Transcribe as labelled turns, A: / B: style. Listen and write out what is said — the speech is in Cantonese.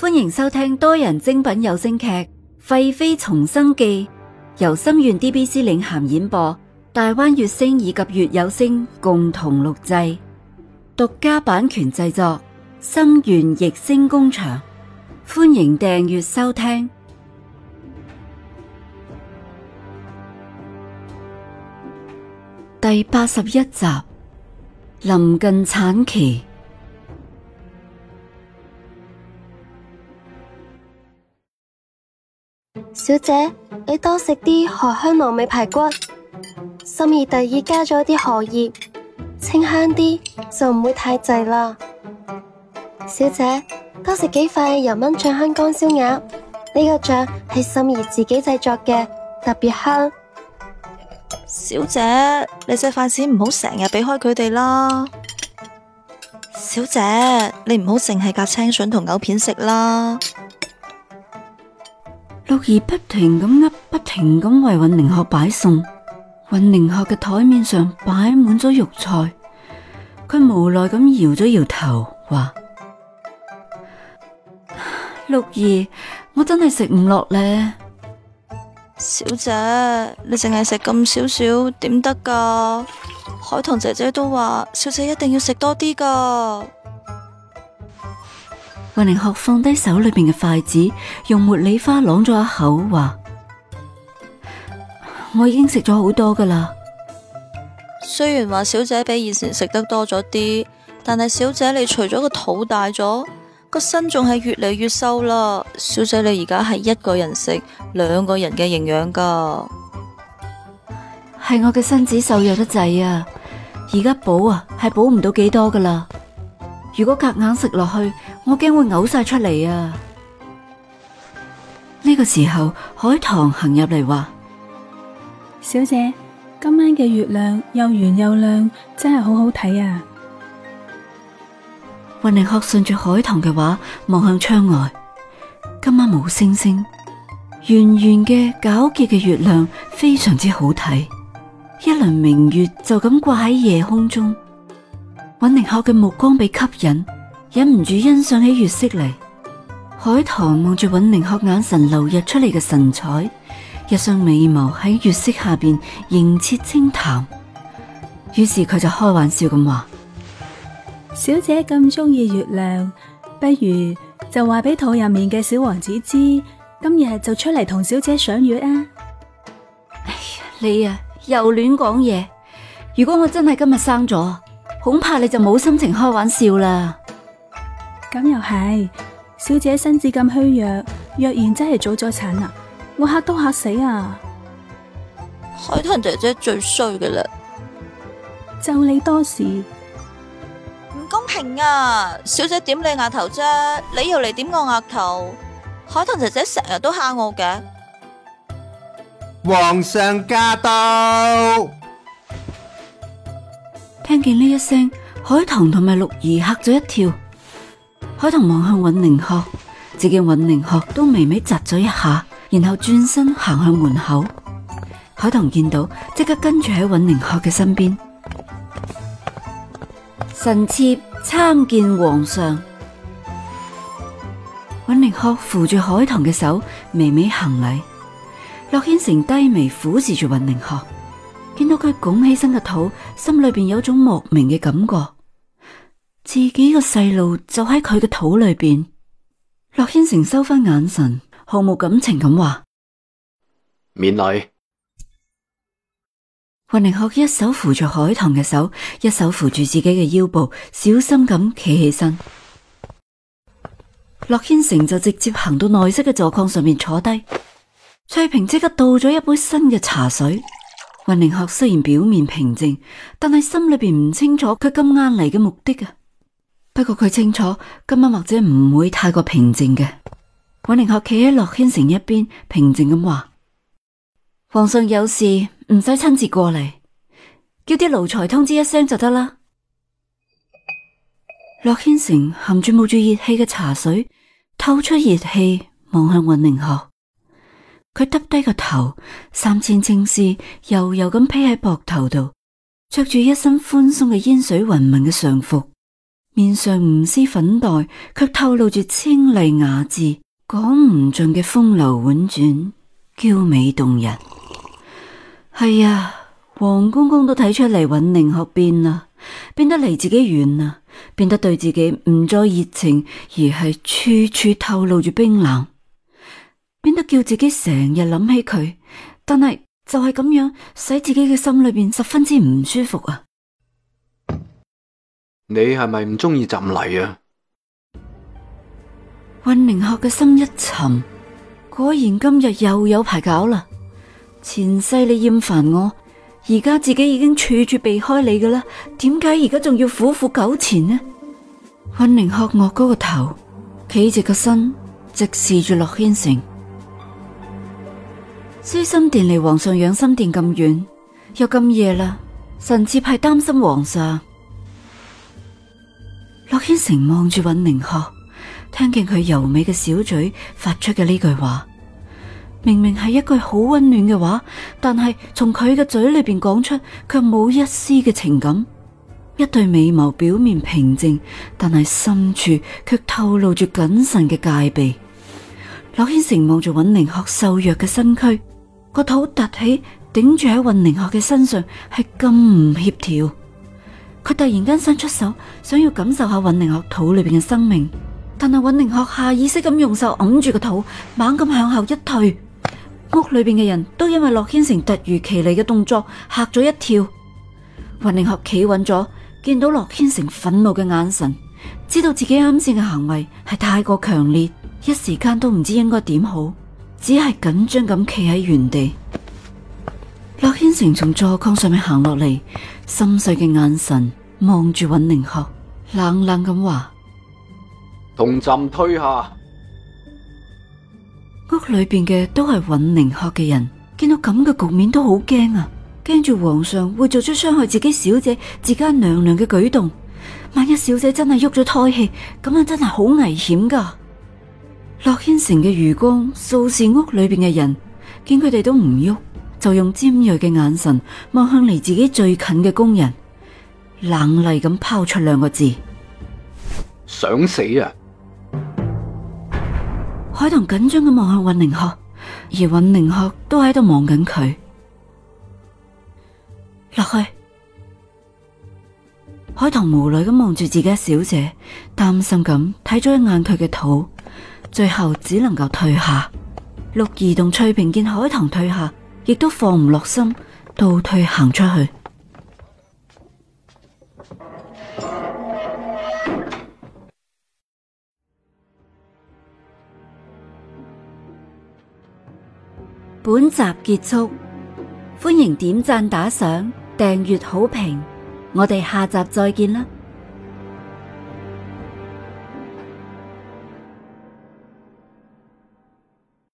A: 歡迎收聽多人精品有聲劇《廢妃重生記》，由心願 DBC 領銜演播，大灣月星以及月有聲共同錄製，獨家版權製作，心願逸星工場。歡迎訂閱收聽第八十一集，臨近產期。小姐，你多食啲荷香糯米排骨，心怡特意加咗啲荷葉，清香啲就唔會太滯啦。小姐，多食幾塊油燜醬香乾燒鴨，呢個醬係心怡自己製作嘅，特別香。小姐，你隻筷子唔好成日避開佢哋啦。小姐，你唔好淨係夾青笋同藕片食啦。六兒不停咁噏，不停咁為允寧學擺餸。允寧學嘅台面上擺滿咗肉菜，佢無奈咁搖咗搖頭，話：啊，六兒，我真係食唔落咧。小姐，你淨係食咁少少，點得噶？海棠姐姐都話，小姐一定要食多啲噶。林鶴放低手裏邊嘅筷子，用茉莉花朗咗一口，話：我已經食咗好多噶啦。雖然話小姐比以前食得多咗啲，但係小姐你除咗個肚大咗，個身仲係越嚟越瘦啦。小姐你而家係一個人食兩個人嘅營養噶，係我嘅身子瘦弱得滯啊，而家補啊係補唔到幾多噶啦。如果夾硬食落去。我驚會嘔晒出嚟啊！呢、這個時候，海棠行入嚟話：小姐，今晚嘅月亮又圓又亮，真係好好睇啊！溫寧學順住海棠嘅話望向窗外，今晚冇星星，圓圓嘅皎潔嘅月亮非常之好睇，一輪明月就咁掛喺夜空中。溫寧學嘅目光被吸引。忍唔住欣賞起月色嚟。海棠望住尹明鶴眼神流溢出嚟嘅神采，一雙美眸喺月色下邊凝切清淡。於是佢就開玩笑咁話：小姐咁鍾意月亮，不如就話俾肚入面嘅小王子知，今日就出嚟同小姐賞月啊！哎呀，你啊又亂講嘢！如果我真係今日生咗，恐怕你就冇心情開玩笑啦。咁又係，小姐身子咁虛弱，若然真係早咗產啊，我嚇都嚇死啊！海棠姐姐最衰噶啦，就你多事，唔公平啊！小姐點你額頭啫，你又嚟點我額頭？海棠姐姐成日都嚇我嘅。皇上駕到！聽見呢一聲，海棠同埋綠兒嚇咗一跳。海棠望向尹寧鶴，只見尹寧鶴都微微窒咗一下，然後轉身行向門口。海棠見到，即刻跟住喺尹寧鶴嘅身邊。臣妾參見皇上。尹寧鶴扶住海棠嘅手，微微行禮。洛軒成低眉俯視住尹寧鶴，見到佢拱起身嘅肚，心裏邊有種莫名嘅感覺。自己個細路就喺佢嘅肚裏邊。洛軒成收翻眼神，毫無感情咁話免禮。雲凌鶴一手扶住海棠嘅手，一手扶住自己嘅腰部，小心咁企起身。洛軒成就直接行到內室嘅座框上面坐低。翠萍即刻倒咗一杯新嘅茶水。雲凌鶴雖然表面平靜，但係心裏邊唔清楚佢今晚嚟嘅目的啊。不過佢清楚，今晚或者唔會太過平靜嘅。尹寧鶴企喺洛軒城一邊，平靜咁話：皇上有事唔使親自過嚟，叫啲奴才通知一聲就得啦。洛軒城含住冒住熱氣嘅茶水，透出熱氣望向尹寧鶴。佢耷低個頭，三千青絲柔柔咁披喺膊頭度，着住一身寬鬆嘅煙水雲紋嘅上服。面上唔施粉黛，卻透露住清麗雅致，講唔盡嘅風流婉轉，嬌美動人。係、哎、啊，王公公都睇出嚟，允寧學變啦，變得離自己遠啦，變得對自己唔再熱情，而係處處透露住冰冷，變得叫自己成日諗起佢，但係就係咁樣，使自己嘅心裏邊十分之唔舒服啊！你係咪唔中意朕嚟啊？溫寧鶴嘅心一沉，果然今日又有排搞啦。前世你厭煩我，而家自己已經處住避開你嘅啦，點解而家仲要苦苦糾纏呢？溫寧鶴昂高個頭，企直個身，直視住駱軒城。舒心殿離皇上養心殿咁遠，又咁夜啦，臣妾係擔心皇上。駱軒成望住尹寧學，聽見佢柔美嘅小嘴發出嘅呢句話，明明係一句好溫暖嘅話，但係從佢嘅嘴裏邊講出，卻冇一絲嘅情感。一對美眸表面平靜，但係深處卻透露住謹慎嘅戒備。駱軒成望住尹寧學瘦弱嘅身軀，個肚凸起，頂住喺尹寧學嘅身上，係咁唔協調。佢突然間伸出手，想要感受下尹寧學肚裏邊嘅生命，但係尹寧學下意識咁用手揞住個肚，猛咁向後一退。屋裏邊嘅人都因為洛軒成突如其來嘅動作嚇咗一跳。尹寧學企穩咗，見到洛軒成憤怒嘅眼神，知道自己啱先嘅行為係太過強烈，一時間都唔知應該點好，只係緊張咁企喺原地。洛軒成從座框上面行落嚟，深邃嘅眼神望住尹寧鶴，冷冷咁話：同朕推下。屋裏邊嘅都係尹寧鶴嘅人，見到咁嘅局面都好驚啊！驚住皇上會做出傷害自己小姐、自家娘娘嘅舉動。萬一小姐真係喐咗胎氣，咁樣真係好危險噶。洛軒成嘅餘光掃視屋裏邊嘅人，見佢哋都唔喐。就用尖銳嘅眼神望向離自己最近嘅工人，冷厲咁拋出兩個字：想死啊！海棠緊張咁望向尹寧鶴，而尹寧鶴都喺度望緊佢。落去。海棠無奈咁望住自己嘅小姐，擔心咁睇咗一眼佢嘅肚，最後只能夠退下。陸兒同翠萍見海棠退下。亦都放唔落心，倒退行出去。本集結束，歡迎點讚、打賞、訂閱、好評，我哋下集再見啦！